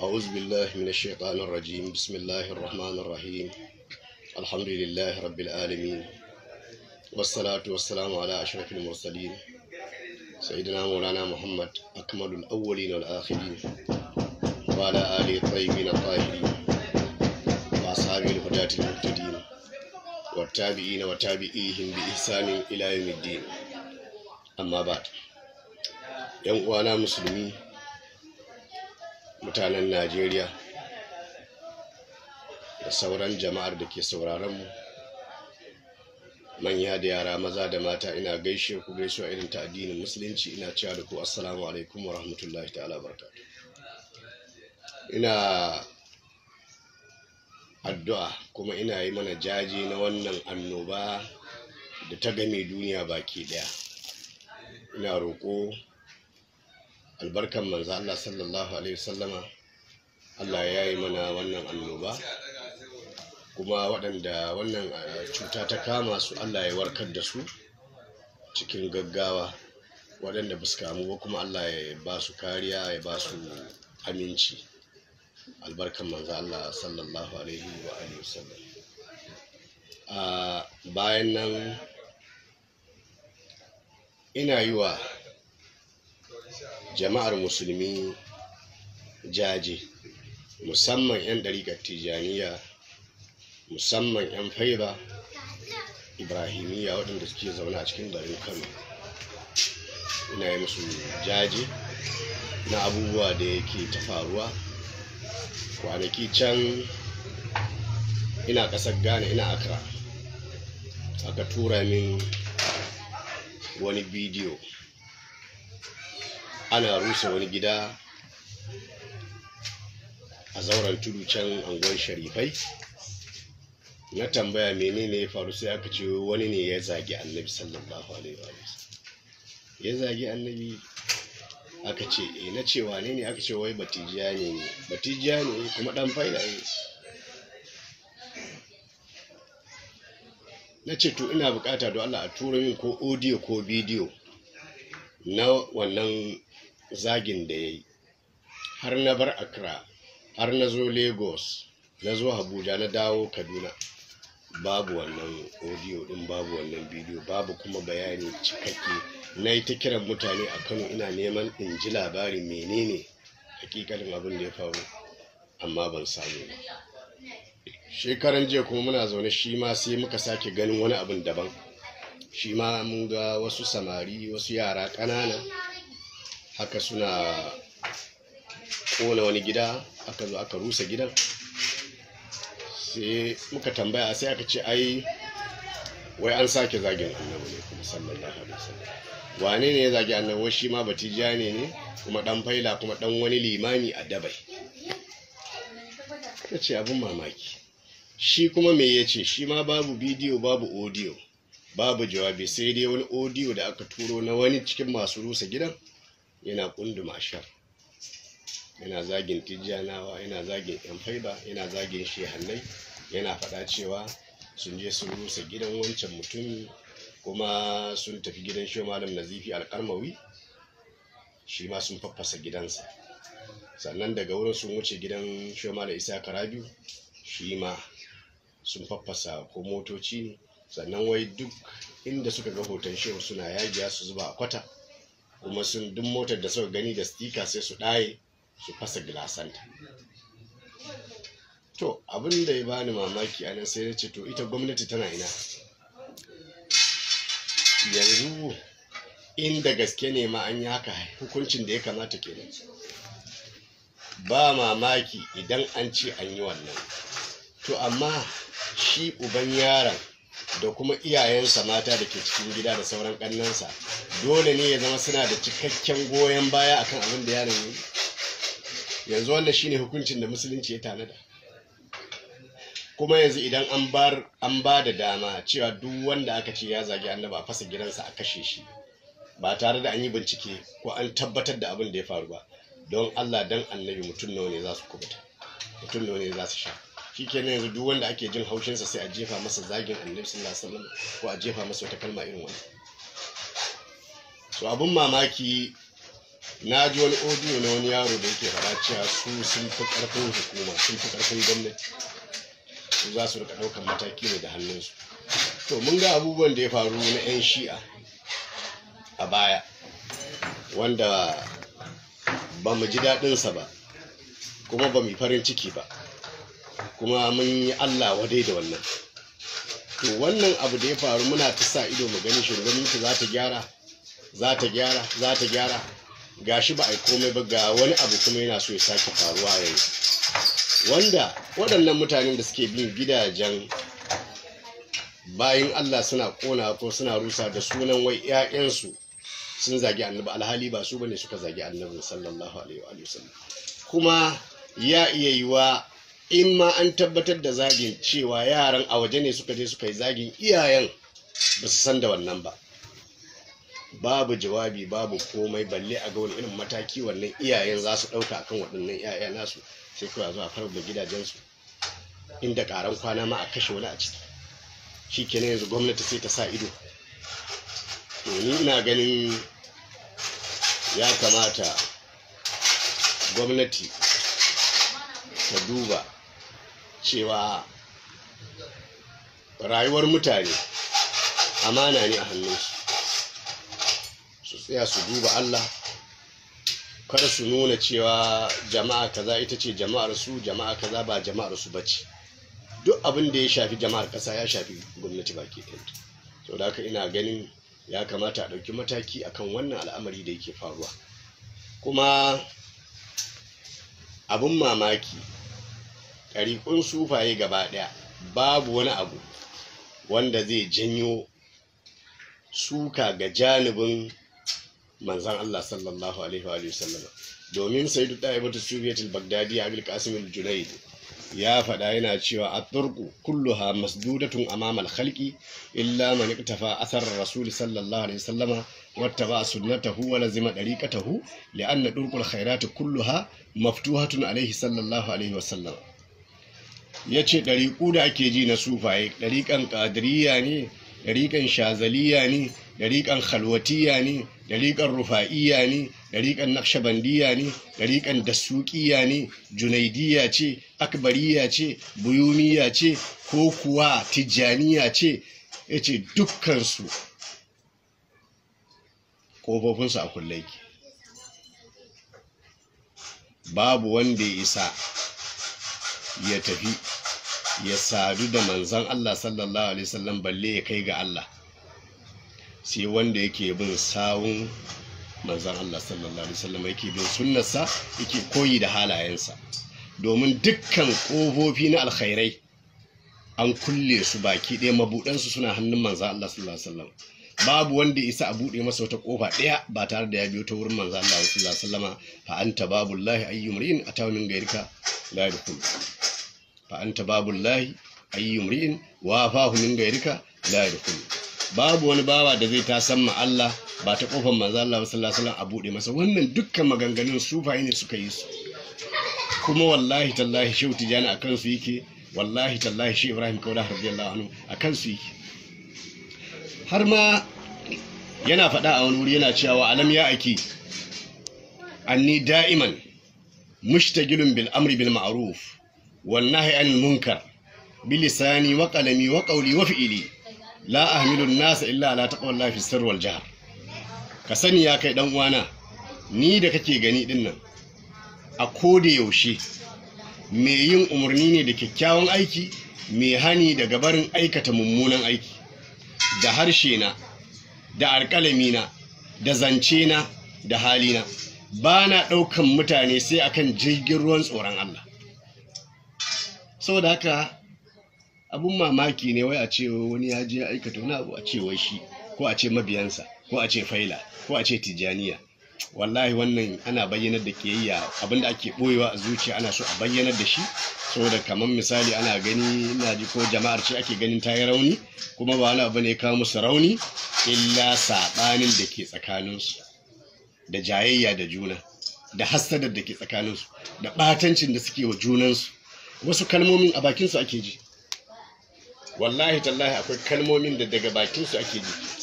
أعوذ بالله من الشيطان الرجيم بسم الله الرحمن الرحيم الحمد لله رب العالمين والصلاة والسلام على أشرف المرسلين سيدنا مولانا محمد أكمل الأولين والآخرين وعلى آله الطيبين الطاهرين وأصحابه الهداة المهتدين والتابعين وتابعيهم بإحسان إلى يوم الدين أما بعد ‘yan uwana musulmi mutanen najeriya da sauran jama'ar da ke sauraronmu manya da yara maza da mata ina gaishe ku a irin ta addinin musulunci ina cewa da ku assalamu alaikum wa rahmatullahi ta'ala barka ina addu'a kuma ina yi mana jaji na wannan annoba da ta game duniya baki daya ina roƙo albarkan manzo Allah sallallahu alaihi wasallama Allah ya yi mana wannan annoba kuma waɗanda wannan cuta ta kama su Allah ya warkar da su cikin gaggawa waɗanda ba su kamu ba kuma Allah ya ba su kariya ya ba su aminci albarkan manzo Allah sallallahu alaihi wa alihi wasallam bayan nan ina yi wa jama'ar musulmi jaje musamman 'yan ɗariƙar tijaniya musamman 'yan faiba Ibrahimiyya, waɗanda suke zaune a cikin garin kano ina yi musu jaje na abubuwa da yake ta faruwa kwanaki can ina ƙasar ghana ina akra aka tura min wani bidiyo ana rusa wani gida a zauren tudu can angon sharifai na tambaya menene ya faru sai aka ce wani ne ya zagi annabi sallallahu alaihi wa ya zagi annabi aka ce eh na ce wane ne aka ce wai batijiya ne ne batijiya ne kuma dan faida ne na ce to ina bukata don Allah a tura min ko audio ko bidiyo na wannan zagin da ya yi har na bar accra har na zo lagos na zo Habuja na dawo kaduna babu wannan audio din babu wannan bidiyo babu kuma bayani cikakke na yi ta kiran mutane a kano ina neman in ji labari menene hakikalin abin da ya faru amma ban samu ba shekaran jiya kuma muna zaune shi ma sai muka sake ganin wani abin daban shi ma mun ga wasu samari wasu yara ƙanana haka suna kona wani gida aka zo aka rusa gidan sai muka tambaya sai aka ce ai wai an sake zagin annabi ne kuma sallallahu haɗu wasallam wane ne ya zagi annabi wai shi ma batija ne ne kuma dan faila kuma ɗan wani limami a dabai ka ce abin mamaki shi kuma me ya ce shi ma babu bidiyo babu audio babu jawabi sai dai wani audio da aka turo na wani cikin masu rusa gidan yana ƙunduma shar yana zagin tijjanawa yana zagin yan faiba yana zagin hannai yana faɗa cewa sun je sun rusa gidan wancan mutum kuma sun tafi gidan shi nazifi alƙarmawi shi ma sun faffasa gidansa sannan daga wurin sun wuce gidan shi da isa karabi shi ma sun faffasa ko motoci sannan wai duk inda suka ga hoton shehu suna yagiya su zuba a kwata kuma sun duk motar da suka gani da stika sai su ɗaye su fasa gilasanta to abin da ya bani mamaki a nan sai ya ce to ita gwamnati tana ina yanzu inda gaske ne ma an yi haka hukuncin da ya kamata kenan ba mamaki idan an ce an yi wannan to amma shi uban yaron da kuma iyayensa mata da ke cikin gida da sauran ƙannansa dole ne ya zama suna da cikakken goyon baya akan abin da yaron yi yanzu shi shine hukuncin da musulunci ya tanada kuma yanzu idan an bar an ba da dama cewa duk wanda aka ce ya zagi annaba a fasa gidansa a kashe shi ba tare da an yi bincike ko an tabbatar da abin da ya faru ba don Allah dan annabi mutum nawa ne za su kubuta mutum nawa ne za su sha shikenan yanzu duk wanda ake jin haushinsa sai a jefa masa zagin annabi sallallahu alaihi wasallam ko a jefa masa wata kalma irin wannan to abin mamaki na ji wani audio na wani yaro da yake fara cewa su sun fi karfin hukuma sun fi karfin gwamnati su za su rika ɗaukan mataki ne da hannunsu to mun ga abubuwan da ya faru na 'yan shi'a a baya wanda ba mu ji daɗinsa ba kuma ba mu farin ciki ba kuma mun yi allah wadai da wannan to wannan abu da ya faru muna ta sa ido mu gani shugabanci za ta gyara za ta gyara za ta gyara shi ba a yi komai ba ga wani abu kuma yana so ya sake faruwa yanzu wanda waɗannan mutanen da suke bin gidajen bayan Allah suna kona ko suna rusa da sunan wai 'ya'yansu sun zagi annabi alhali ba su bane suka zagi annabi sallallahu alaihi wa sallam kuma ya iya yiwa in ma an tabbatar da zagin cewa yaran a waje ne suka je suka yi zagin iyayen ba su san da wannan ba babu jawabi babu komai balle a ga wani irin mataki wannan iyayen za su ɗauka kan waɗannan 'ya'ya nasu sai kuwa zuwa da gidajensu inda ƙaran kwana ma a kashe wani a ciki shi kenan yanzu gwamnati sai ta sa ido to ni ina ganin ya kamata gwamnati ta duba cewa rayuwar mutane amana ne a hannunsu tsaya su duba Allah kada su nuna cewa jama'a kaza ita ce jama'ar su jama'a kaza ba jama'ar su bace duk abin da ya shafi jama'ar kasa ya shafi gwamnati baki ɗaya so da haka ina ganin ya kamata a ɗauki mataki akan wannan al'amari da yake faruwa kuma abin mamaki ɗariƙun sufaye gaba ɗaya babu wani abu wanda zai janyo suka ga janibin manzan Allah sallallahu alaihi wa sallama domin ɗaya ta'ibatu shubiyatul bagdadi abul qasim al junaid ya faɗa yana cewa a turku kulluha masdudatun amamal khalqi illa man iktafa athar rasul sallallahu alaihi "tahu" wattaba sunnatahu wa lazima dariqatahu li'anna turkul khairat kulluha maftuhatun alaihi sallallahu alaihi wasallama yace dariqu da ake ji na sufaye dariqan qadiriyya ne dariqan shazaliya ne dariqan khalwatiyya ne dariƙar rufa'iya ne dariƙar naqshbandiya ne dariƙar dasuƙiya ne junaidiya ce akbariya ce buyumiya ce ko kuwa tijjaniya ce ce dukkansu ƙofofinsu a kullai babu wanda ya isa ya tafi ya sadu da manzan Allah sallallahu alaihi sallam, balle ya kai ga Allah sai wanda yake bin sawun manzan Allah sallallahu alaihi wasallam yake bin sunnarsa yake koyi da halayensa domin dukkan ƙofofi na alkhairai an kulle su baki ɗaya mabuɗansu suna hannun manzan Allah sallallahu alaihi wasallam babu wanda isa a buɗe masa wata ƙofa ɗaya ba tare da ya biyo ta wurin manzan Allah sallallahu alaihi wasallama fa anta babullahi ayyumrin a tawamin gairika la yadkhul fa anta babullahi ayyumrin wa fahu min gairika la yadkhul babu wani bawa da zai tasan ma Allah ba ta kofar manzo Allah sallallahu alaihi a bude masa wannan dukkan maganganun sufaye ne suka yi su kuma wallahi tallahi shehu tijani a kansu yake wallahi tallahi shi Ibrahim Kaula radiyallahu anhu a kansu yake har ma yana faɗa a wani wuri yana cewa alam ya aki anni da'iman mushtagilun bil amri bil ma'ruf wan nahyi anil munkar bilisani wa qalami wa qawli wa fi'li la ahmilun nasa illa ala taqwallahi fi sirr wal ka sani ya kai dan uwana ni da kake gani din nan a da yaushe mai yin umarni ne da kyakkyawan aiki mai hani da barin aikata mummunan aiki da harshe na da alkalami na da zance na da na ba na ɗaukan mutane sai akan jirgin ruwan tsoron Allah saboda haka abun mamaki ne wai a ce wani ya je aikata wani abu a ce wai shi ko a ce mabiyansa ko a ce faila ko a ce tijaniya wallahi wannan ana bayyanar da ke kiyayya abinda ake boyewa a zuciya ana so a bayyanar da shi saboda kamar misali ana gani ina ji ko jama'ar ce ake ganin ta yi rauni kuma ba wani abu ne kawo musu rauni illa saɓanin da ke tsakaninsu da jayayya da juna da hasadar da ke tsakaninsu da ɓatancin da suke wa junansu wasu kalmomin a bakinsu ake ji wallahi tallahi akwai kalmomin da daga bakin su ake ji